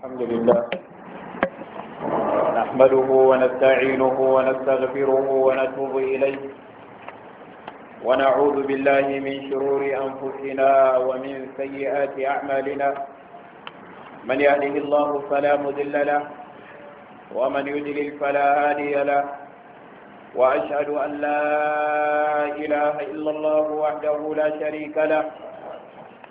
الحمد لله نحمده ونستعينه ونستغفره ونتوب إليه ونعوذ بالله من شرور أنفسنا ومن سيئات أعمالنا من يهده الله فلا مذل له ومن يدلل فلا هادي له وأشهد أن لا إله إلا الله وحده لا شريك له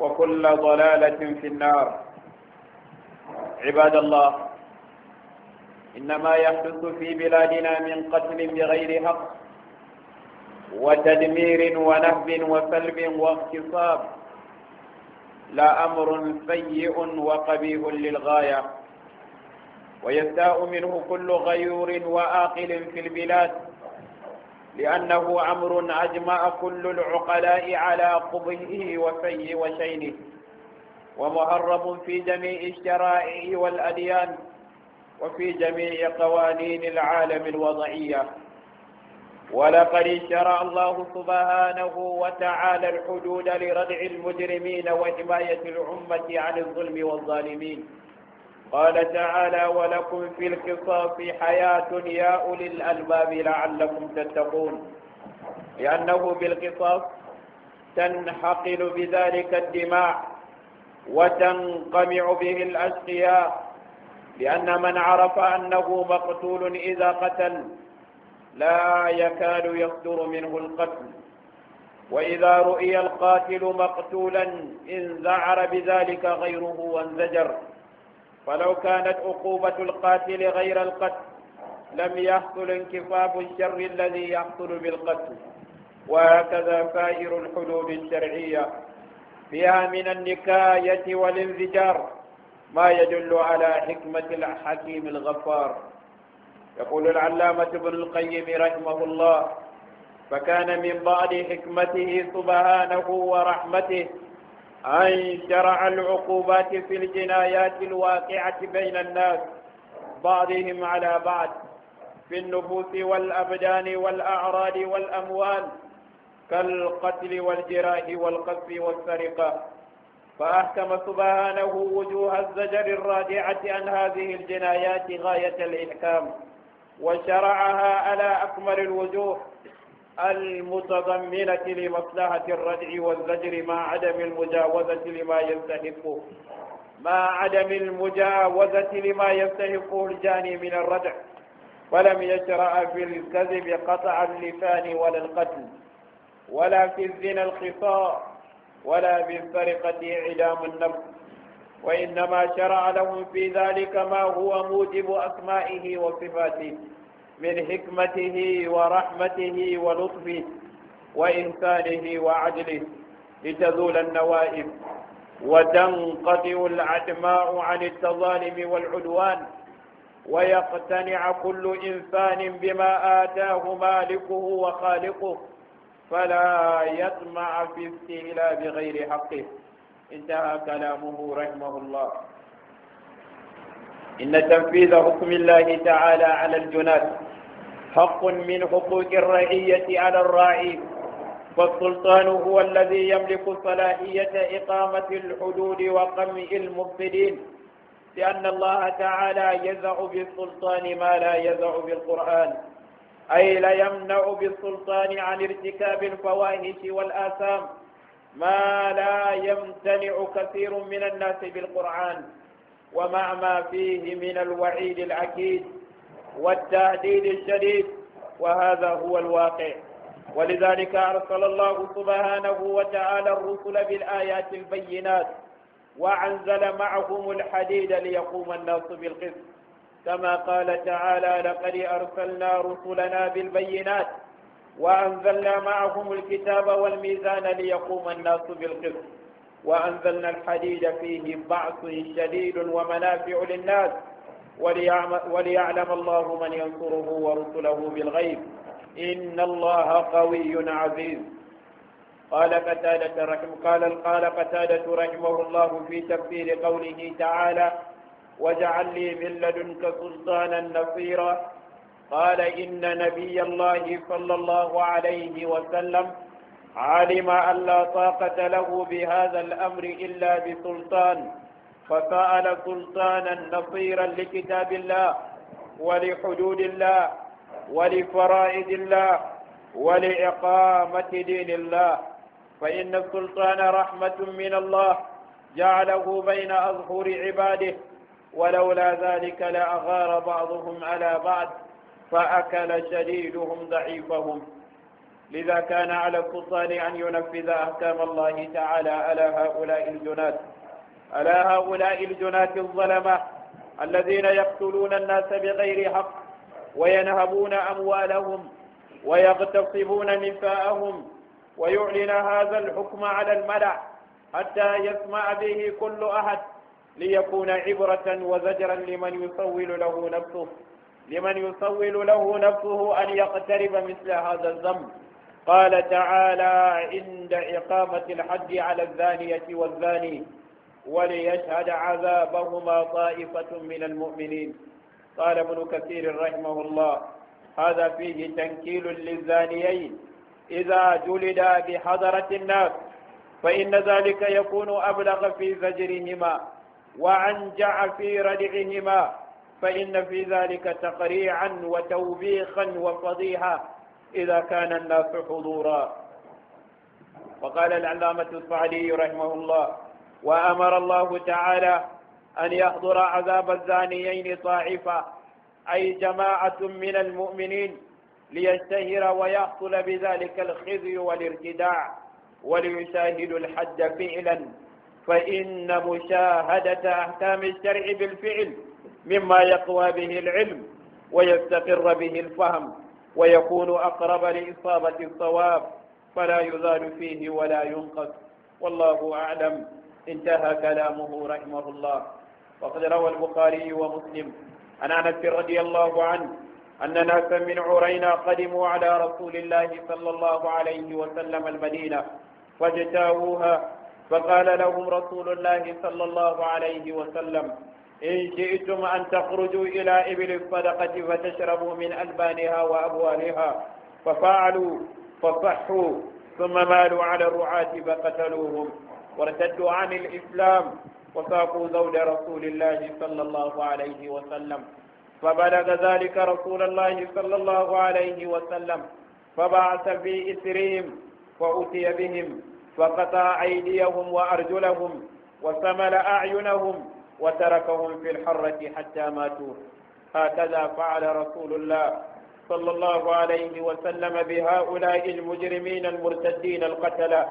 وكل ضلالة في النار عباد الله إنما يحدث في بلادنا من قتل بغير حق وتدمير ونهب وسلب واغتصاب لا أمر سيء وقبيح للغاية ويستاء منه كل غيور وآقل في البلاد لأنه أمر أجمع كل العقلاء على قبهه وفيه وشينه ومهرب في جميع الشرائع والأديان وفي جميع قوانين العالم الوضعية ولقد شرع الله سبحانه وتعالى الحدود لردع المجرمين وحماية الأمة عن الظلم والظالمين قال تعالى ولكم في القصاص حياة يا أولي الألباب لعلكم تتقون لأنه بالقصاص تنحقل بذلك الدماء وتنقمع به الأشقياء لأن من عرف أنه مقتول إذا قتل لا يكاد يصدر منه القتل وإذا رؤي القاتل مقتولا انذعر بذلك غيره وانزجر فلو كانت عقوبة القاتل غير القتل لم يحصل انكفاف الشر الذي يحصل بالقتل وهكذا سائر الحدود الشرعية فيها من النكاية والانفجار ما يدل على حكمة الحكيم الغفار يقول العلامة ابن القيم رحمه الله فكان من بعض حكمته سبحانه ورحمته أن شرع العقوبات في الجنايات الواقعة بين الناس بعضهم على بعض في النفوس والأبدان والأعراض والأموال كالقتل والجراح والقذف والسرقة فأحكم سبحانه وجوه الزجر الرادعة عن هذه الجنايات غاية الإحكام وشرعها على أكمل الوجوه المتضمنة لمصلحة الردع والزجر مع عدم المجاوزة لما يستحقه مع عدم المجاوزة لما يستحقه الجاني من الردع ولم يشرع في الكذب قطع اللسان ولا القتل ولا في الزنا الخصاء ولا في السرقة إعدام النفس وإنما شرع لهم في ذلك ما هو موجب أسمائه وصفاته من حكمته ورحمته ولطفه وإنسانه وعدله لتزول النوائب وتنقطع العدماء عن التظالم والعدوان ويقتنع كل إنسان بما آتاه مالكه وخالقه فلا يطمع في استهلاب غير حقه انتهى كلامه رحمه الله إن تنفيذ حكم الله تعالى على الجنات حق من حقوق الرعية على الراعي فالسلطان هو الذي يملك صلاحية إقامة الحدود وقمع المفسدين لأن الله تعالى يزع بالسلطان ما لا يزع بالقرآن أي لا يمنع بالسلطان عن ارتكاب الفواحش والآثام ما لا يمتنع كثير من الناس بالقرآن ومع ما فيه من الوعيد العكيد والتهديد الشديد وهذا هو الواقع ولذلك أرسل الله سبحانه وتعالى الرسل بالآيات البينات وأنزل معهم الحديد ليقوم الناس بالقسط كما قال تعالى لقد أرسلنا رسلنا بالبينات وأنزلنا معهم الكتاب والميزان ليقوم الناس بالقسط وأنزلنا الحديد فيه بعص شديد ومنافع للناس وليعلم الله من ينصره ورسله بالغيب إن الله قوي عزيز قال قتادة رحمه قال قال قتادة رحمه الله في تفسير قوله تعالى واجعل لي من لدنك سلطانا نصيرا قال إن نبي الله صلى الله عليه وسلم علم أن لا طاقة له بهذا الأمر إلا بسلطان فسأل سلطانا نصيرا لكتاب الله ولحدود الله ولفرائد الله ولإقامة دين الله فإن السلطان رحمة من الله جعله بين أظهر عباده ولولا ذلك لأغار بعضهم على بعض فأكل شديدهم ضعيفهم لذا كان على الفصال أن ينفذ أحكام الله تعالى ألا هؤلاء الجنات ألا هؤلاء الجنات الظلمة الذين يقتلون الناس بغير حق وينهبون أموالهم ويغتصبون نساءهم ويعلن هذا الحكم على الملأ حتى يسمع به كل أحد ليكون عبرة وزجرا لمن يصول له نفسه لمن يصول له نفسه أن يقترب مثل هذا الذنب قال تعالى عند إقامة الحد على الزانية والزاني وليشهد عذابهما طائفة من المؤمنين قال ابن كثير رحمه الله هذا فيه تنكيل للزانيين إذا جلدا بحضرة الناس فإن ذلك يكون أبلغ في زجرهما وأنجع في ردعهما فإن في ذلك تقريعا وتوبيخا وفضيحة إذا كان الناس حضورا وقال العلامة الصعدي رحمه الله وأمر الله تعالى أن يحضر عذاب الزانيين طائفة أي جماعة من المؤمنين ليشتهر ويحصل بذلك الخزي والارتداع وليشاهدوا الحد فعلا فإن مشاهدة أحكام الشرع بالفعل مما يقوى به العلم ويستقر به الفهم ويكون أقرب لإصابة الصواب فلا يزال فيه ولا ينقص والله أعلم انتهى كلامه رحمه الله وقد روى البخاري ومسلم عن أنس رضي الله عنه أن ناسا من عرينا قدموا على رسول الله صلى الله عليه وسلم المدينة فاجتاووها فقال لهم رسول الله صلى الله عليه وسلم إن شئتم أن تخرجوا إلى إبل الصدقة فتشربوا من ألبانها وأبوالها ففعلوا فصحوا ثم مالوا على الرعاة فقتلوهم وارتدوا عن الإسلام وساقوا زوج رسول الله صلى الله عليه وسلم فبلغ ذلك رسول الله صلى الله عليه وسلم فبعث في إسرهم فأتي بهم فقطع أيديهم وأرجلهم وسمل أعينهم وتركهم في الحرة حتى ماتوا هكذا فعل رسول الله صلى الله عليه وسلم بهؤلاء المجرمين المرتدين القتلى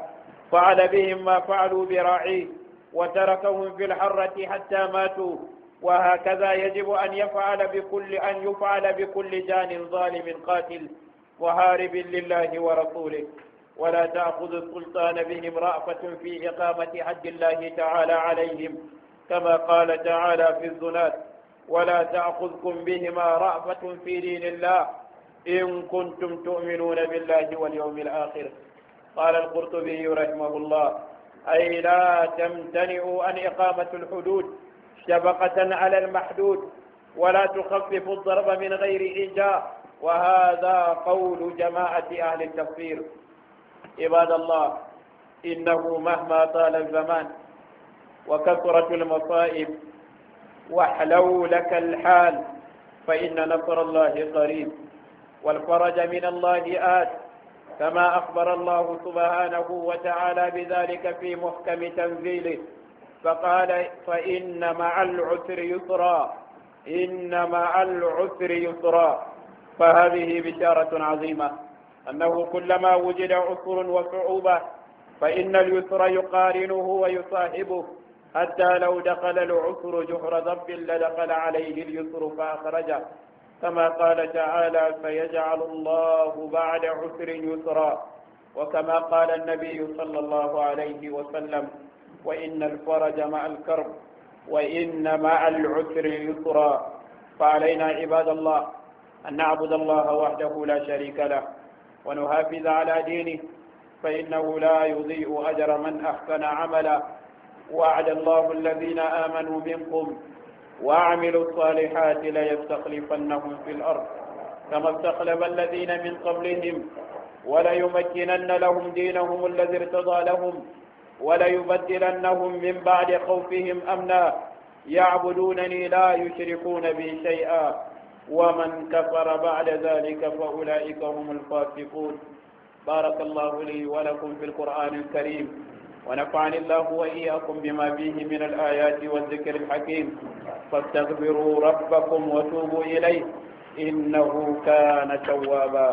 فعل بهم ما فعلوا براعيه وتركهم في الحرة حتى ماتوا وهكذا يجب أن يفعل بكل أن يفعل بكل جان ظالم قاتل وهارب لله ورسوله ولا تأخذ السلطان بهم رأفة في إقامة حد الله تعالى عليهم كما قال تعالى في الزناد ولا تأخذكم بهما رأفة في دين الله إن كنتم تؤمنون بالله واليوم الآخر قال القرطبي رحمه الله أي لا تمتنعوا عن إقامة الحدود شفقة على المحدود ولا تخفف الضرب من غير إيجاء وهذا قول جماعة أهل التفسير عباد الله إنه مهما طال الزمان وكثرة المصائب وحلو لك الحال فإن نصر الله قريب والفرج من الله آت كما أخبر الله سبحانه وتعالى بذلك في محكم تنزيله فقال فإن مع العسر يسرا إن مع العسر يسرا فهذه بشارة عظيمة أنه كلما وجد عسر وصعوبة فإن اليسر يقارنه ويصاحبه حتى لو دخل العسر جحر ضب لدخل عليه اليسر فأخرجه كما قال تعالى فيجعل الله بعد عسر يسرا وكما قال النبي صلى الله عليه وسلم وإن الفرج مع الكرب وإن مع العسر يسرا فعلينا عباد الله أن نعبد الله وحده لا شريك له ونحافظ على دينه فإنه لا يضيء أجر من أحسن عملا وعد الله الذين آمنوا منكم وعملوا الصالحات ليستخلفنهم في الأرض كما استخلف الذين من قبلهم وليمكنن لهم دينهم الذي ارتضى لهم وليبدلنهم من بعد خوفهم أمنا يعبدونني لا يشركون بي شيئا ومن كفر بعد ذلك فأولئك هم الفاسقون بارك الله لي ولكم في القرآن الكريم ونفعني الله وإياكم بما فيه من الآيات والذكر الحكيم فاستغفروا ربكم وتوبوا إليه إنه كان توابا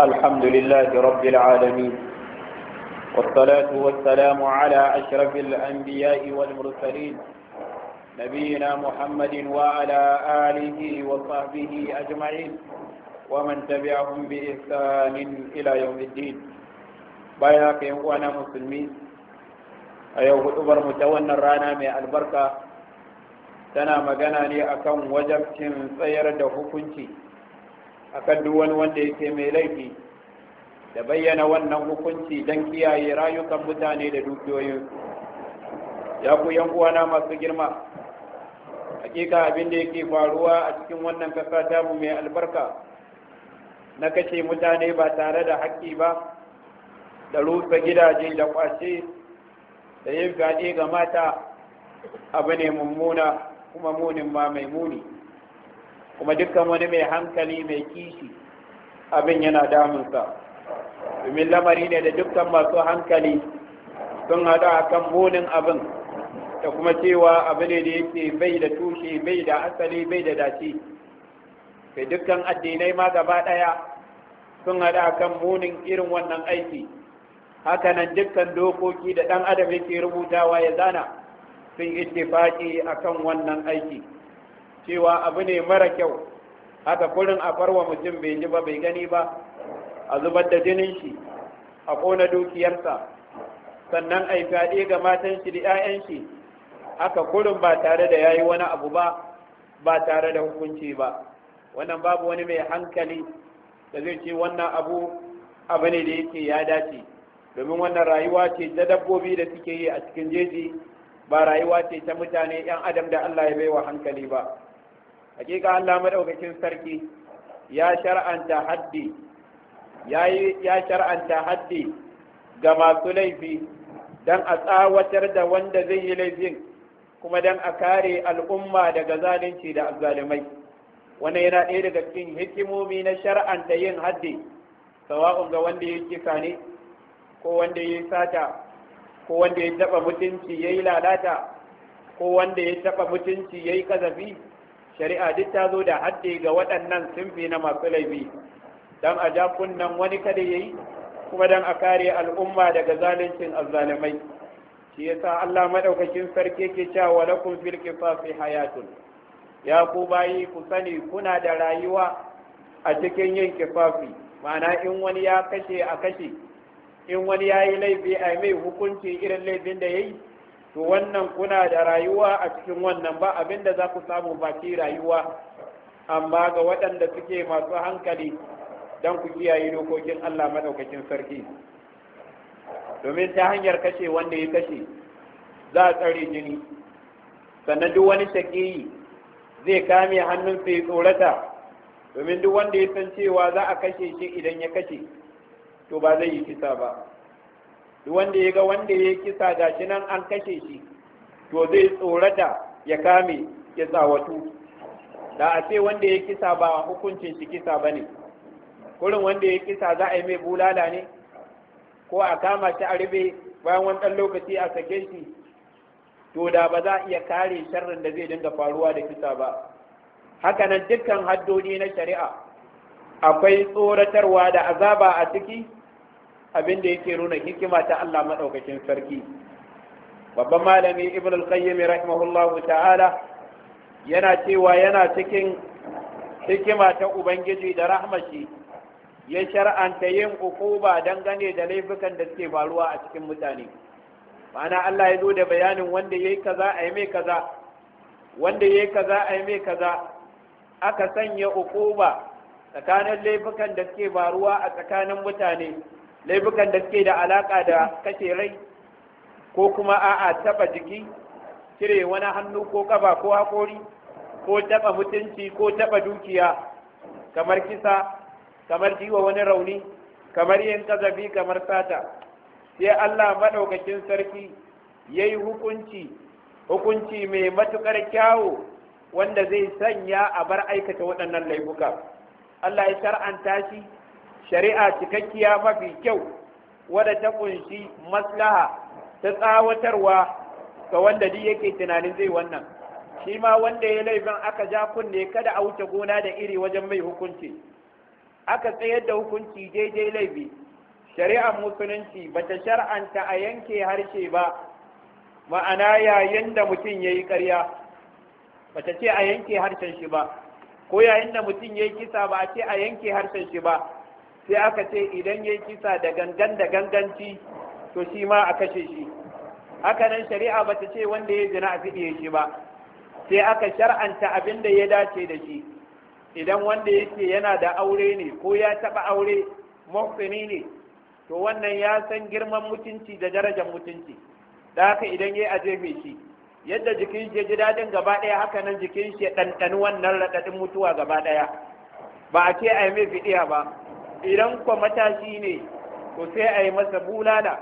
الحمد لله رب العالمين والصلاة والسلام على أشرف الأنبياء والمرسلين نبينا محمد وعلى آله وصحبه أجمعين ومن تبعهم بإحسان إلى يوم الدين باياك وانا مسلمين أيوه أبر متونا رانا من البركة tana magana ne akan wajabcin tsayar da hukunci akan duk wani wanda yake mai laifi da bayyana wannan hukunci don kiyaye rayukan mutane da dukiyoyin ya ku yan uwana masu girma hakika abin da yake faruwa a cikin wannan kasa tamu mai albarka na kashe mutane ba tare da haƙƙi ba da rusa gidaje da kwashe. da yin fyaɗe ga mata abu ne mummuna kuma munin ma mai muni kuma dukkan wani mai hankali mai kishi abin yana damunsa domin lamari ne da dukkan masu hankali sun haɗu a kan munin abin da kuma cewa abu ne da yake bai da tushe bai da asali bai da dace kai dukkan addinai ma gaba ɗaya sun haɗu a kan munin irin wannan aiki hakanan dukkan dokoki da ɗan adam yake rubutawa ya zana sun ittifaki kan wannan aiki cewa abu ne mara kyau haka kurin a farwa mutum bai ji ba bai gani ba a zubar da jinin shi a kona dukiyarsa sannan a yi fyaɗe ga matan shi da 'ya'yan shi aka kurin ba tare da yayi wani abu ba ba tare da hukunci ba wannan babu wani mai hankali da zai ce wannan abu abu ne da yake ya dace domin wannan rayuwa ce ta dabbobi da suke yi a cikin jeji ba rayuwa ce ta mutane 'yan adam da Allah ya baiwa hankali ba hakika Allah madaukakin sarki ya shar'anta haddi ya shar'anta haddi ga masu laifi don a tsawatar da wanda zai yi laifin kuma don a kare al'umma daga zalunci da azzalumai wannan yana ɗaya daga cikin hikimomi na shar'anta yin haddi sawa'un ga wanda ya kisa ne ko wanda ya sata ko wanda ya taɓa mutunci ya yi lalata ko wanda ya taɓa mutunci ya yi ƙazafi shari'a duk ta zo da haddi ga waɗannan sunfi na masu laifi dan a ja kunnan wani kada yayi kuma dan a kare al'umma daga zaluncin azzalimai shi yasa Allah madaukakin sarki ke cewa lakum fil qisasi hayatun ya ku bayi ku sani kuna da rayuwa a cikin yin kifafi ma'ana in wani ya kashe a kashe in wani ya yi laifi a mai hukunci irin laifin da ya yi to wannan kuna da rayuwa a cikin wannan ba abinda za ku samu baki rayuwa amma ga waɗanda suke masu hankali don ku kiyaye dokokin Allah madaukakin sarki domin ta hanyar kashe wanda ya kashe za a tsare jini sannan duk wani shaƙiyi zai kame hannunsa ya tsorata domin duk wanda ya san cewa za a kashe shi idan ya kashe to ba zai yi kisa ba duk wanda ya ga wanda ya kisa da shi nan an kashe shi to zai tsorata ya kame ya tsawatu da a ce wanda ya kisa ba hukuncin shi kisa ba ne kurin wanda ya kisa za a yi mai bulala ne ko a kama shi a rube bayan wani ɗan lokaci a sake shi to da ba za a iya kare sharrin da zai dinga faruwa da kisa ba hakanan dukkan haddodi na shari'a akwai tsoratarwa da azaba a ciki abin da yake nuna hikima ta Allah maɗaukakin sarki babban malami ibn al-qayyim rahimahullahu ta'ala yana cewa yana cikin hikima ta ubangiji da rahmashi ya shar'anta yin ukuba dangane da laifukan da suke faruwa a cikin mutane ma'ana Allah ya zo da bayanin wanda yayi kaza a yi mai kaza wanda yayi kaza a yi mai kaza aka sanya ukuba tsakanin laifukan da suke faruwa a tsakanin mutane laifukan da suke da alaƙa da kashe rai ko kuma a'a taɓa jiki cire wani hannu ko kaba ko hakori ko taba mutunci ko taba dukiya kamar kisa kamar jiwa wani rauni kamar yin kazafi kamar sata sai Allah maɗaukakin sarki ya yi hukunci hukunci mai matuƙar kyawo wanda zai sanya a bar aikata waɗannan laifuka Allah ya shar'anta shi shari'a cikakkiya mafi kyau wadda ta kunshi maslaha ta tsawatarwa ga wanda duk yake tunanin zai wannan shi ma wanda ya laifin aka ja kunne kada a wuce gona da iri wajen mai hukunci aka tsayar da hukunci daidai laifi shari'ar musulunci ba ta shar'anta a yanke harshe ba ma'ana yayin da mutum ya yi karya ba ta ce a yanke harshen shi ba ko yayin da mutum ya yi kisa ba a ce a yanke harshen shi ba sai aka ce idan ya yi kisa da gangan da ganganci to shi ma a kashe shi haka nan shari'a ba ta ce wanda ya zina a fiɗe shi ba sai aka shar'anta abin da ya dace da shi idan wanda yake yana da aure ne ko ya taɓa aure muhsini ne to wannan ya san girman mutunci da darajar mutunci da haka idan ya aje mai shi yadda jikin shi ya ji daɗin gaba daya haka nan jikin shi ya ɗanɗani wannan raɗaɗin mutuwa gaba daya ba a ce a yi mai fidiya ba idan kwa matashi ne to sai a yi masa bulala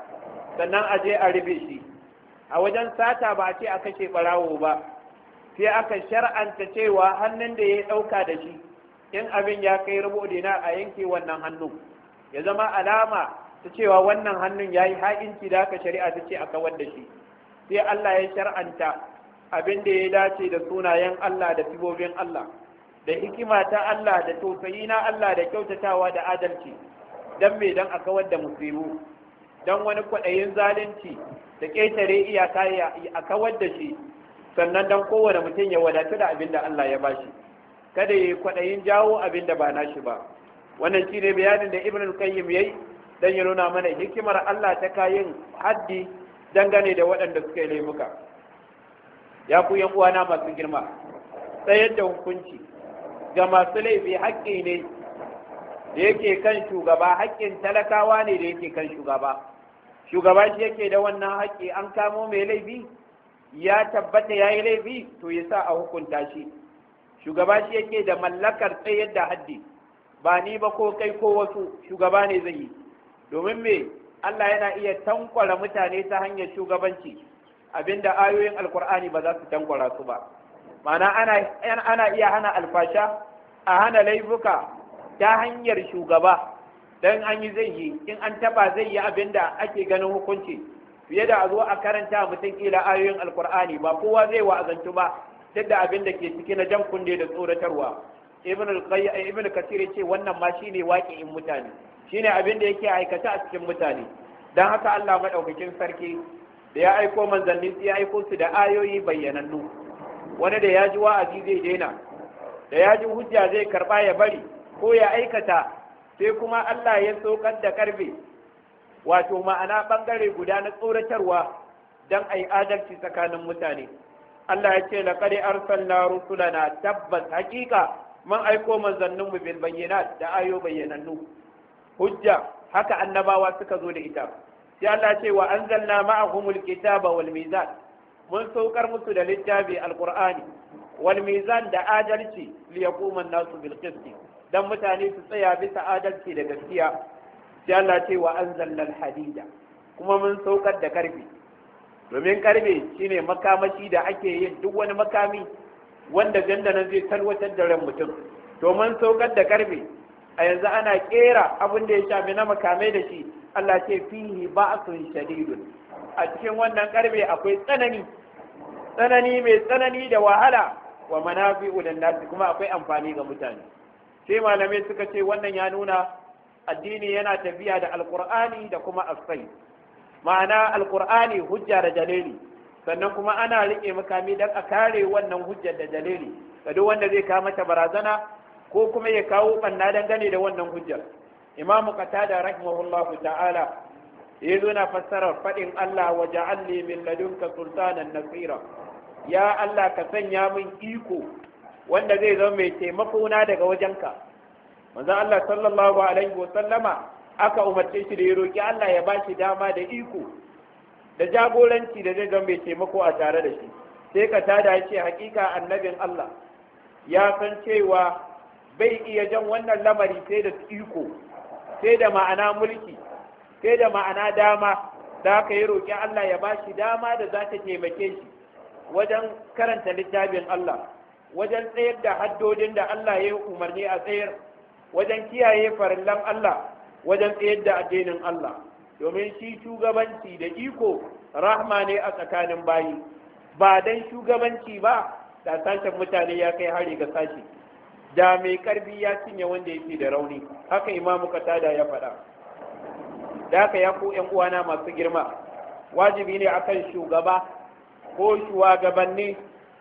sannan a je a rufe shi a wajen sata ba a ce a kashe barawo ba sai aka shar'anta cewa hannun da ya ɗauka da shi in abin ya kai rubo dina a yanke wannan hannu, ya zama alama ta cewa wannan hannun ya yi ha'inci da aka shari'a ta ce a kawar da shi sai Allah ya shar'anta abin da ya dace da sunayen Allah da sibobin Allah da hikima ta Allah da tausayi na Allah da kyautatawa da adalci dan me dan a kawar da musibu dan wani kwaɗayin zalunci da ƙetare iyaka a kawar da shi sannan dan kowane mutum ya wadatu da abin da Allah ya ba shi kada ya kwaɗayin jawo abin da ba nashi ba wannan shi ne bayanin da ibn al-qayyim yayi dan ya nuna mana hikimar Allah ta kayin haddi dangane da waɗanda suka yi laifuka ya ku yan uwana masu girma tsayar da hukunci ga masu laifi haƙƙi ne da yake kan shugaba haƙƙin talakawa ne da yake kan shugaba shugaba shi yake da wannan haƙƙi an kamo mai laifi ya tabbata ya yi laifi to ya sa a hukunta shi shugaba shi yake da mallakar tsayar da haddi ba ni ba ko kai ko wasu shugaba ne zai yi domin me Allah yana iya tankwara mutane ta hanyar shugabanci abinda ayoyin alkur'ani ba za su tankwara su ba Mana ana, ana iya hana alfasha a hana laifuka ta hanyar shugaba don an yi zai yi in an taba zai yi abinda ake ganin hukunci fiye da a zo a karanta mutum kila ayoyin alkur'ani ba kowa zai wa'azantu ba duk da abin da ke ciki na jan kunne da tsoratarwa ibn ibn kasir ce wannan ma shine waqi'in mutane shine abin da yake aikata a cikin mutane dan haka Allah madaukakin sarki da ya aiko manzanni ya aiko su da ayoyi bayyanannu wani da ya ji wa'azi zai daina da ya ji hujja zai karba ya bari ko ya aikata sai kuma Allah ya sokar da karfe wato ma'ana bangare guda na tsoratarwa dan ai adalci tsakanin mutane Allah ya ce laqad arsalna rusulana tabbas hakika man aiko manzannin mu bil da ayo bayyanannu hujja haka annabawa suka zo da ita sai Allah ya ce wa anzalna ma'ahumul kitaba wal mizan mun saukar musu da littafi alqur'ani wal mizan da adalci li an-nasu bil qisti dan mutane su tsaya bisa adalci da gaskiya sai Allah ce wa an zallar hadida kuma mun saukar da karfe domin karfe shine makamashi da ake yin duk wani makami wanda nan zai talwatar da ran mutum to mun saukar da karfe a yanzu ana kera abin da ya shafi na makamai da shi Allah ce fihi ba'sun shadidun a cikin wannan karfe akwai tsanani tsanani mai tsanani da wahala wa manafi'u lin nasi kuma akwai amfani ga mutane sai malamai suka ce wannan ya nuna addini yana tafiya da alkur'ani da kuma asai ma'ana alkur'ani hujja da dalili sannan kuma ana riƙe makami don a kare wannan hujjar da dalili da duk wanda zai kawo mata barazana ko kuma ya kawo banna dangane da wannan hujjar imam qatada rahimahullahu ta'ala ya zo na fassarar faɗin Allah wa ja'alni min ladunka sultanan nasira ya Allah ka sanya min iko wanda zai zama mai taimako na daga wajenka manzo Allah sallallahu alaihi wa sallama aka umarce shi da ya roki Allah ya bashi dama da iko da jagoranci da zai ga mai taimako a tare da shi sai ka tada ya ce hakika annabin Allah ya san cewa bai iya jan wannan lamari sai da iko sai da ma'ana mulki sai da ma'ana dama da aka yi roƙi Allah ya bashi dama da za ta taimake shi wajen karanta littafin Allah wajen tsayar da haddodin da Allah ya umarni a tsayar wajen kiyaye farillan Allah wajen tsayar da addinin Allah domin shi shugabanci da iko rahma ne a tsakanin bayi ba dan shugabanci ba da sashen mutane ya kai hari ga sashi da mai karfi ya cinye wanda yake da rauni haka imamu katada ya faɗa da haka ya ku yan uwana masu girma wajibi ne akan shugaba ko shugabanni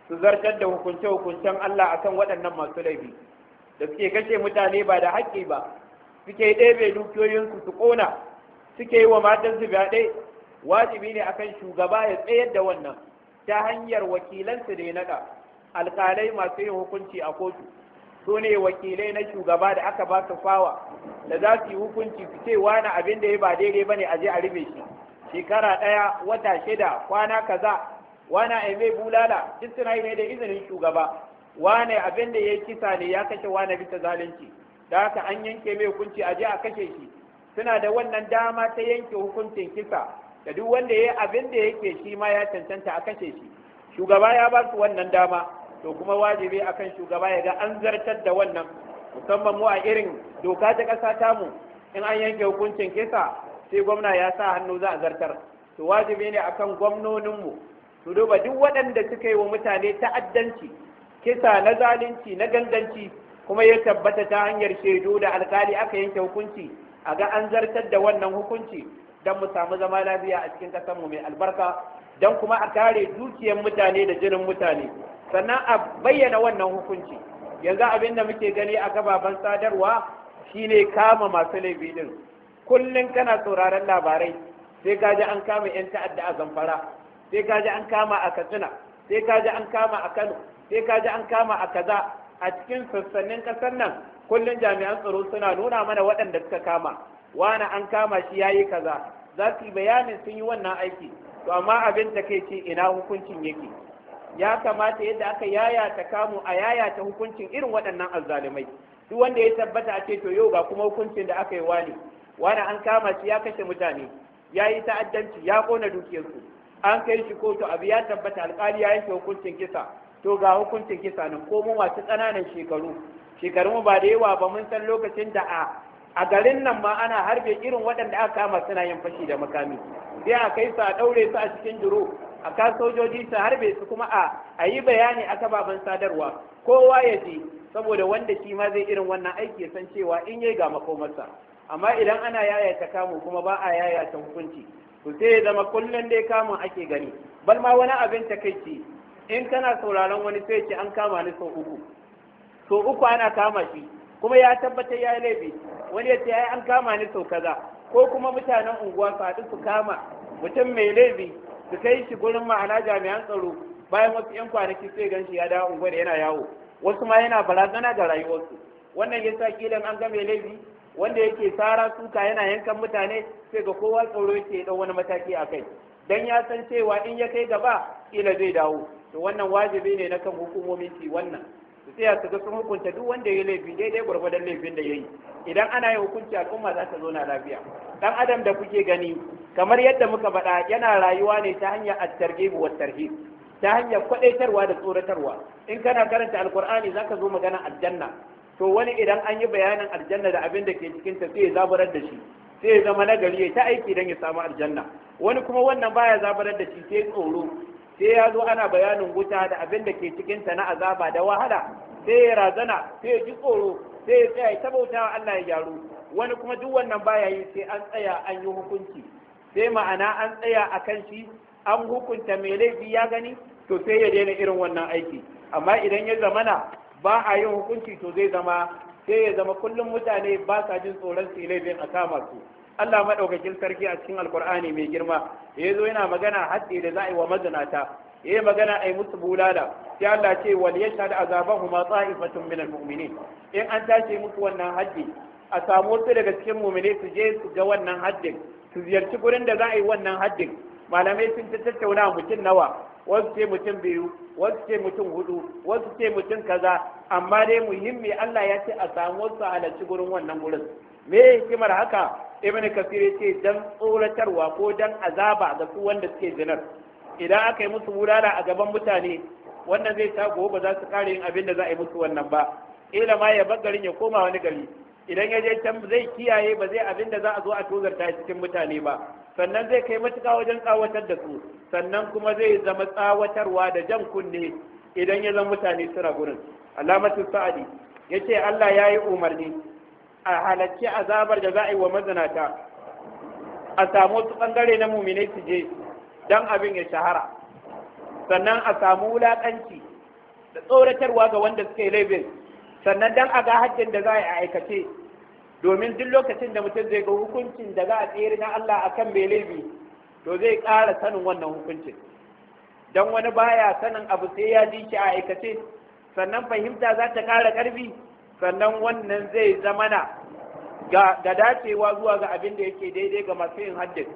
su zartar da hukunce-hukuncen Allah akan waɗannan masu laifi da suke kashe mutane ba da haƙƙi ba suke ɗebe dukiyoyinsu su ƙona suke yi wa matansu fyaɗe wajibi ne akan shugaba ya tsayar da wannan ta hanyar wakilansu da ya naɗa alƙalai masu yin hukunci a kotu su ne wakilai na shugaba da aka ba su fawa da za su yi hukunci su ce wani abin da ya ba daidai ba ne a je a rufe shi shekara ɗaya wata shida kwana kaza wana a bulala duk suna yi ne da izinin shugaba wane abin da ya kisa ne ya kashe wane bisa zalunci da haka an yanke mai hukunci a je a kashe shi suna da wannan dama ta yanke hukuncin kisa da duk wanda ya abin da yake shi ma ya cancanta a kashe shi shugaba ya ba su wannan dama to kuma wajibi akan shugaba ya ga an zartar da wannan musamman mu a irin doka ta ƙasa tamu in an yanke hukuncin kisa sai gwamna ya sa hannu za a zartar to wajibi ne akan gwamnoninmu su duba duk waɗanda suka yi wa mutane ta'addanci kisa na zalunci na ganganci kuma ya tabbata ta hanyar shaidu da alkali aka yanke hukunci a ga an zartar da wannan hukunci don mu samu zama lafiya a cikin ƙasarmu mai albarka don kuma a kare dukiyar mutane da jinin mutane sannan a bayyana wannan hukunci yanzu abin da muke gani a gababan sadarwa shine kama masu laifi din kullum kana sauraron labarai sai kaji an kama 'yan ta'adda a zamfara sai kaji an kama a katsina sai kaji an kama a kano sai ka ji an kama a kaza a cikin sassanin kasar nan kullum jami'an tsaro suna nuna mana waɗanda suka kama wani an kama shi yayi kaza za su yi bayanin sun yi wannan aiki to amma abin ta kai ce ina hukuncin yake ya kamata yadda aka yayata kamu a yayata hukuncin irin waɗannan azzalumai duk wanda ya tabbata a ce to yau ga kuma hukuncin da aka yi wani wani an kama shi ya kashe mutane ya yi ta'addanci ya kona dukiyarsu an kai shi kotu abu ya tabbata alƙali ya yanke hukuncin kisa to ga hukuncin kisa nan ko mu masu ƙananan shekaru shekarun ba da yawa ba mun san lokacin da a a garin nan ma ana harbe irin waɗanda aka kama suna yin fashi da makami sai a kai su a ɗaure su a cikin duro a ka sojoji su harbe su kuma a a yi bayani a kababen sadarwa kowa ya ji saboda wanda shi ma zai irin wannan aiki ya san cewa in yayi ga makomarsa amma idan ana yayata kamu kuma ba a yayata hukunci to sai ya zama kullum dai kamun ake gani Balma wani abin takaici in kana sauraron wani sai ce an kama ni sau uku sau uku ana kama shi kuma ya tabbatar ya yi laifi wani ya ce ya an kama ni sau kaza ko kuma mutanen unguwa su haɗu su kama mutum mai laifi su kai shi gurin ma'ana jami'an tsaro bayan wasu 'yan kwanaki sai gan shi ya dawo unguwar yana yawo wasu ma yana barazana ga rayuwarsu wannan ya sa kilan an ga mai laifi wanda yake tsara suka yana yankan mutane sai ga kowa tsoro yake ɗau wani mataki a dan ya san cewa in ya kai gaba kila zai dawo to wannan wajibi ne na kan hukumomi su wannan su tsaya su ga sun hukunta duk wanda ya laifi daidai gwargwadon laifin da ya yi idan ana yin hukunci al'umma za ta zauna lafiya dan adam da kuke gani kamar yadda muka faɗa yana rayuwa ne ta hanyar at-targhib wa tarhib ta hanyar kwadaitarwa da tsoratarwa in kana karanta alqur'ani zaka zo magana aljanna to wani idan an yi bayanin aljanna da abin da ke cikin ta sai ya zaburar da shi sai ya zama nagari ya ta aiki don ya samu aljanna wani kuma wannan baya zabarar da shi sai tsoro sai ya zo ana bayanin wuta da abin da ke cikin cikinta na azaba da wahala sai ya razana sai ya ji tsoro sai ya tsaya ta wa Allah ya gyaru wani kuma duk wannan baya yi sai an tsaya an yi hukunci sai ma'ana an tsaya a kan shi an hukunta mai laifi ya gani to sai ya daina irin wannan aiki amma idan ya zamana ba a yin hukunci to zai zama sai ya zama kullum mutane ba sa jin tsoron su laifin a kama su Allah maɗaukakin sarki a cikin alkur'ani mai girma ya zo yana magana haddi da za'i wa mazinata ya yi magana ai musu bulala sai Allah ce wal yashhad azabahuma ta'ifatun min almu'minin in an tashi musu wannan haddi a samu wasu daga cikin mu'mini su je su ga wannan haddin su ziyarci gurin da za yi wannan haddin malamai sun ta tattauna mutum nawa wasu ce mutum biyu wasu ce mutum hudu wasu ce mutum kaza amma dai muhimmi Allah ya ce a samu wasu halarci gurin wannan gurin me hikimar haka ibn kasir ya ce dan tsoratarwa ko dan azaba ga su wanda suke zinar idan aka yi musu wurara a gaban mutane wannan zai sa gobe ba za su kare yin abin da za a yi musu wannan ba ila ma ya bar garin ya koma wani gari idan ya je can zai kiyaye ba zai abin da za a zo a tozarta cikin mutane ba sannan zai kai matuƙa wajen tsawatar da su sannan kuma zai zama tsawatarwa da jan kunne idan ya zama mutane suna gurin alamatu sa'adi yace Allah ya yi umarni a halarci azabar da za a yi wa mazinata a samu wasu ɓangare na muminai su je don abin ya shahara sannan a samu wulaƙanci da tsoratarwa ga wanda suke laifin sannan don a ga haƙƙin da za a aikace domin duk lokacin da mutum zai ga hukuncin da za a tsere na Allah a kan mai laifi to zai ƙara sanin wannan hukuncin don wani baya sanin abu sai ya ji shi a aikace sannan fahimta za ta ƙara ƙarfi sannan wannan zai zamana ga dacewa zuwa ga abin da yake daidai ga masu yin hajji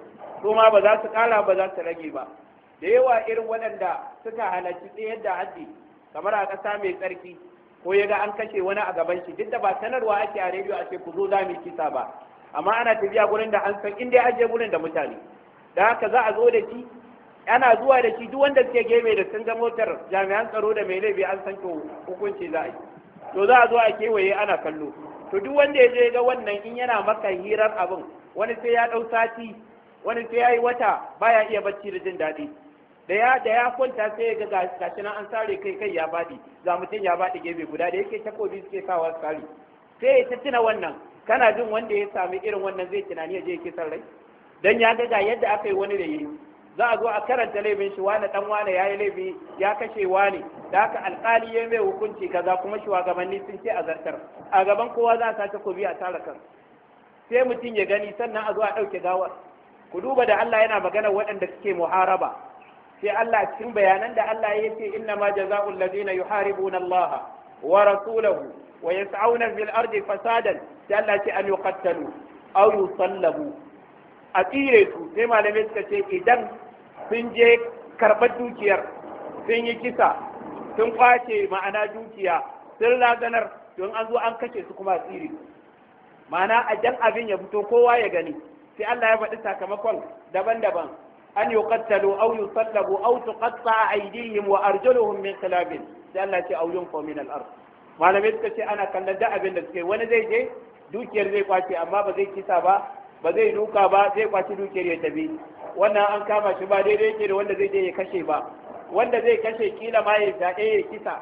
su ma ba za su kala ba za su rage ba da yawa irin waɗanda suka halarci tsayar da haddi kamar a ƙasa mai tsarki ko ya ga an kashe wani a gaban shi duk da ba sanarwa ake a rediyo a ce ku zo za mu kisa ba amma ana tafiya gurin da an san inda ya ajiye gurin da mutane da haka za a zo da shi ana zuwa da shi duk wanda suke game da sun ga motar jami'an tsaro da mai laifi an san to hukunci za a yi to za a zo a kewaye ana kallo to duk wanda ya je ga wannan in yana maka hirar abin wani sai ya ɗau sati wani sai ya yi wata baya iya bacci da jin daɗi da ya da ya kwanta sai ya ga gashi an sare kai kai ya faɗi ga mutum ya faɗi gefe guda da yake takobi suke sawa sare sai ya tuna wannan kana jin wanda ya sami irin wannan zai tunani ya je yake rai dan ya ga ga yadda aka yi wani da yayi za a zo a karanta laifin shi wane dan wane yayi laifi ya kashe ne. da haka alƙali ya mai hukunci kaza kuma shugabanni sun ce a zartar a gaban kowa za a sace kobi a tara kan sai mutum ya gani sannan a zo a ɗauke gawar ku duba da Allah yana magana waɗanda suke muharaba sai Allah cikin bayanan da Allah ya ce inna ma jazaa'ul ladina yuharibuna Allah wa rasulahu wa yas'auna fil ardi fasadan sai Allah ce an yuqattalu aw yusallabu a tsire su sai malamai suka ce idan sun je karɓar dukiyar sun yi kisa sun kwace ma'ana dukiya sun lazanar don an zo an kashe su kuma tsiri ma'ana a jan abin ya fito kowa ya gani sai Allah ya faɗi sakamakon daban-daban an sallabo au su aw a aydihim wa arjuluhum min khilaf sai Allah ce aw yunqu min al malamai suka ce ana kallon da abin da suke wani zai je dukiyar zai kwace amma ba zai kisa ba ba zai duka ba zai kwaci dukiyar ya tafi wannan an kama shi ba daidai yake da wanda zai je ya kashe ba wanda zai kashe kila ma ya fyaɗe eh, ya kisa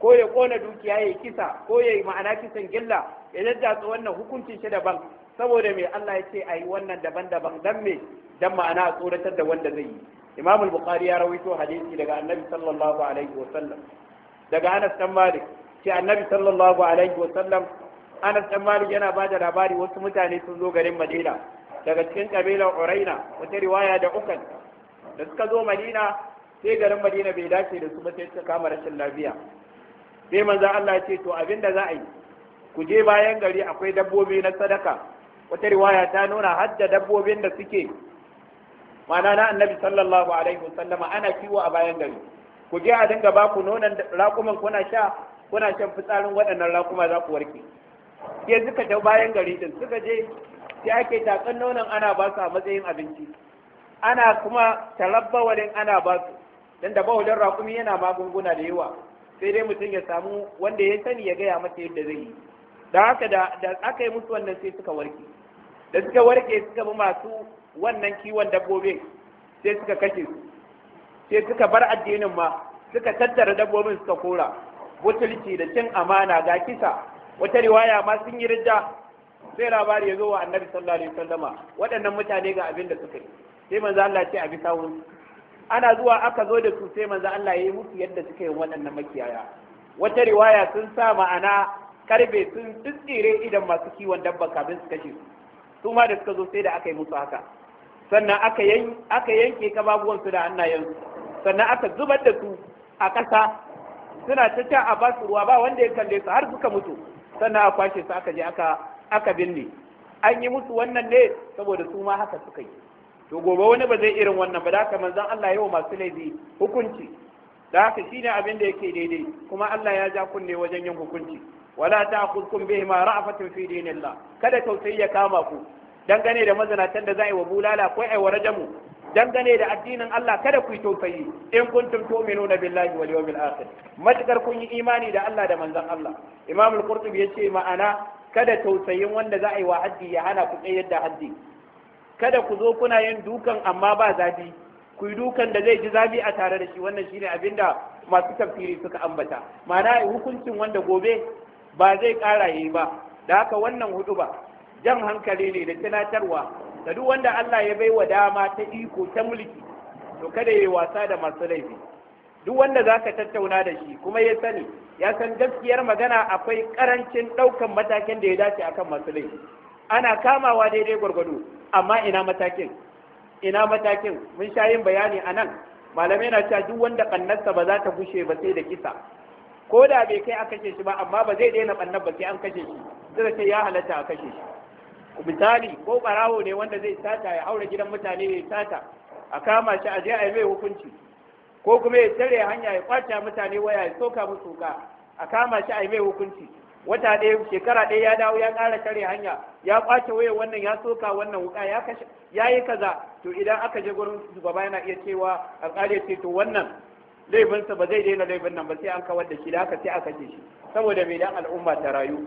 ko ya kona dukiya ya kisa ko ya yi ma'ana kisan gilla ya jajjatsa wannan hukuncin shi daban saboda mai Allah ya ce a yi wannan daban-daban dan me dan ma'ana a tsoratar da wanda zai yi Imamul bukari bukhari ya rawaito hadisi daga Annabi sallallahu alaihi wa sallam daga Anas dan Malik ce Annabi sallallahu alaihi wa sallam anas dan malik yana ba da labari wasu mutane sun zo garin madina daga cikin kabilar uraina wata riwaya da ukan da suka zo madina sai garin madina bai dace da su ba sai suka kama rashin lafiya sai manzo Allah ya ce to abinda za a yi ku je bayan gari akwai dabbobi na sadaka wata riwaya ta nuna da dabbobin da suke ma'ana na annabi sallallahu alaihi wasallama ana kiwo a bayan gari ku je a dinga ba ku nonan raƙuman kuna sha kuna shan fitsarin waɗannan raƙuma za ku warke sai suka ta bayan gari din suka je sai ake tatsan nonon ana ba su a matsayin abinci ana kuma talabbawalin ana ba su dan da bawulin raƙumi yana magunguna da yawa sai dai mutum ya samu wanda ya sani ya gaya masa yadda zai yi da haka da aka yi musu wannan sai suka warke da suka warke suka bi masu wannan kiwon dabbobin sai suka kashe su sai suka bar addinin ma suka tattara dabbobin suka kora butulci da cin amana ga kisa wata riwaya ma sun yi rijja sai labari ya zo wa annabi sallallahu alaihi wasallama waɗannan mutane ga abin da suka yi sai manzo Allah ce a bi sawun ana zuwa aka zo da su sai manzo Allah ya yi musu yadda suka yi waɗannan makiyaya wata riwaya sun sa ma'ana karbe sun tsire idan masu kiwon dabba kafin su kashe su su ma da suka zo sai da aka yi musu haka sannan aka yanke kababuwan su da yanzu sannan aka zubar da su a ƙasa suna ta a basu ruwa ba wanda ya kalle su har suka mutu sannan a kwashe su aka je aka aka binne an yi musu wannan ne saboda su ma haka suka yi to gobe wani ba zai irin wannan ba da haka manzon Allah yawa masu laifi hukunci da haka shine abin da yake daidai kuma Allah ya ja kunne wajen yin hukunci wala ta'khudkum bihima ra'fatun fi dinillah kada tausayi ya kama ku dangane da mazanatan da za a yi wa bulala ko a yi wa rajamu dangane da addinin Allah kada ku yi tausayi in kuntum tu'minuna billahi wal yawmil akhir matakar kun yi imani da Allah da manzon Allah Imam al-Qurtubi yace ma'ana kada tausayin wanda za a yi wa haddi ya hana ku tsayar da haddi kada ku zo kuna yin dukan amma ba zabi ku yi dukan da zai ji zabi a tare da shi wannan shine abinda masu tafsiri suka ambata ma'ana hukuncin wanda gobe ba zai kara yi ba da haka wannan hudu ba jan hankali ne da tunatarwa da duk wanda Allah ya bai wa dama ta iko ta mulki to kada ya yi wasa da masu laifi duk wanda za ka tattauna da shi kuma ya sani ya san gaskiyar magana akwai karancin ɗaukan matakin da ya dace akan masu laifi ana kamawa daidai gwargwado amma ina matakin ina matakin mun sha yin bayani a nan malamai na cewa duk wanda ƙannarsa ba za ta gushe ba sai da kisa ko da bai kai a kashe shi ba amma ba zai daina ɓannar ba sai an kashe shi sai ce ya halatta a kashe shi misali ko barawo ne wanda zai sata ya haura gidan mutane ya sata a kama shi a je a yi mai hukunci ko kuma ya tare hanya ya kwace mutane waya ya soka musu ka a kama shi a yi mai hukunci wata ɗaya shekara ɗaya ya dawo ya ƙara tare hanya ya kwace waya wannan ya soka wannan wuka ya kashe ya yi kaza to idan aka je gurin gaba yana iya cewa alƙali ce to wannan laifinsa ba zai daina laifin nan ba sai an kawar da shi da haka sai aka ce shi saboda mai dan al'umma ta rayu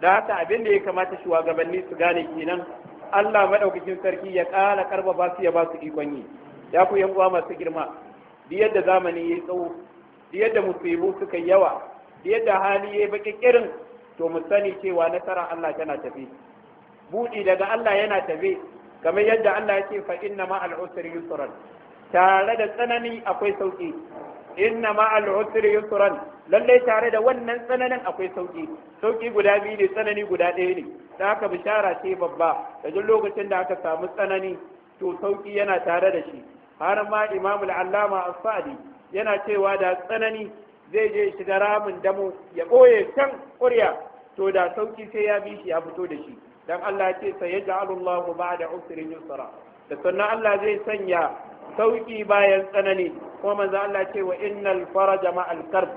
da haka abin da ya kamata shugabanni su gane kenan Allah madaukakin sarki ya ƙara karba su ya ba su ikon yi ya ku yan uwa masu girma duk yadda zamani ya tsawo duk yadda musibu suka yawa duk yadda hali ya baki kirin to mu sani cewa nasara Allah tana tafi buɗi daga Allah yana tafi kamar yadda Allah ya ce fa inna ma al usri yusra tare da tsanani akwai sauki inna ma al-usri yusran lalle tare da wannan tsananin akwai sauki sauki guda biyu ne tsanani guda ɗaya ne da haka bishara ce babba da duk lokacin da aka samu tsanani to sauki yana tare da shi har ma imamu al-allama as-sa'di yana cewa da tsanani zai je shiga ramin damu ya ɓoye can ƙurya to da sauki sai ya bi shi ya fito da shi dan Allah ce sai ya ja'alu Allahu ba'da usrin yusra da sannan Allah zai sanya sauki bayan tsanani kuma manzo Allah ce wa innal faraja ma al karb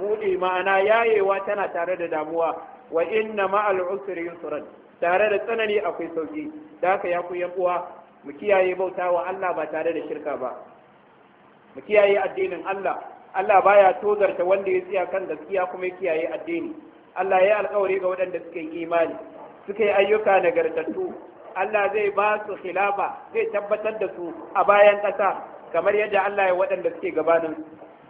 mudi ma'ana yayewa tana tare da damuwa wa inna ma al usri yusran tare da tsanani akwai sauki da haka ya ku uwa mu kiyaye bauta wa Allah ba tare da shirka ba mu kiyaye addinin Allah Allah baya tozarta wanda ya tsaya kan gaskiya kuma ya kiyaye addini Allah ya alƙawari ga waɗanda suke imani suka yi ayyuka nagartattu Allah zai ba su khilafa zai tabbatar da su a bayan ƙasa kamar yadda Allah ya waɗanda suke gabanin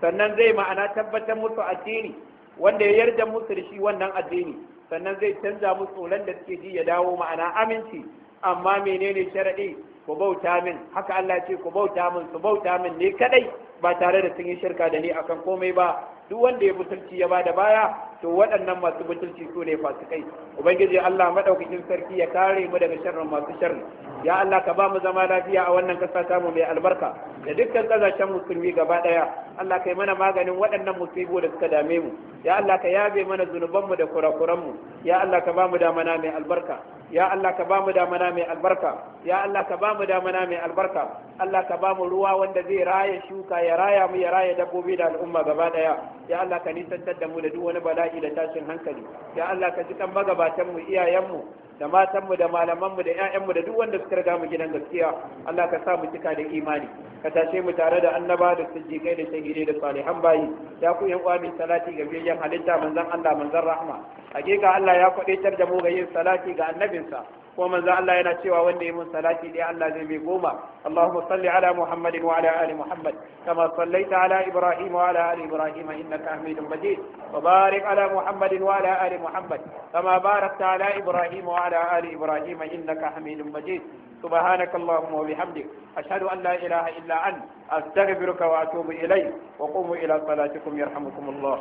sannan zai ma'ana tabbatar musu addini wanda ya yarda musu da shi wannan addini sannan zai canza musu tsoron da suke ji ya dawo ma'ana aminci amma menene sharaɗi ku bauta min haka Allah ce ku bauta min su bauta min ne kadai ba tare da sun yi shirka da ni akan komai ba duk wanda ya butulci ya bada baya to waɗannan masu butulci su ne fasikai ubangiji Allah madaukakin sarki ya kare mu daga sharrin masu sharri ya Allah ka ba mu zama lafiya a wannan kasa ta mu mai albarka da dukkan kazashen musulmi gaba daya Allah kai mana maganin waɗannan musibo da suka dame mu ya Allah ka yabe mana zunubanmu da kurakuranmu ya Allah ka ba mu damana mai albarka ya Allah ka bamu damana mai albarka ya Allah ka bamu damana mai albarka Allah ka bamu ruwa wanda zai raya shuka ya raya mu ya raya dabbobi da al'umma gaba daya ya Allah ka nisantar da mu da duk wani bala'i da tashin hankali ya Allah ka ji kan magabatan mu iyayen mu da matanmu da malamanmu da mu da duk wanda suka riga mu gidan gaskiya Allah ka sa mu cika da imani ka tashe mu tare da annaba da sujjikai da shahidai da salihan bayi ya ku yan uwa salati ga biyayyen halitta manzon Allah manzon rahma hakika Allah ya kwadaitar da mu ga yin salati ga annabinsa ko manzo Allah yana cewa wanda ya mun salati dai Allah zai bai goma Allahumma salli ala Muhammadin wa ala ali Muhammad kama sallaita ala Ibrahim wa ala ali Ibrahim innaka Hamidum Majid wa barik ala Muhammadin wa ala ali Muhammad kama barakta ala Ibrahim wa ala ali Ibrahim innaka Hamidum Majid سبحانك اللهم وبحمدك أشهد أن لا إله إلا أنت أستغفرك وأتوب إليك وقوموا إلى صلاتكم يرحمكم الله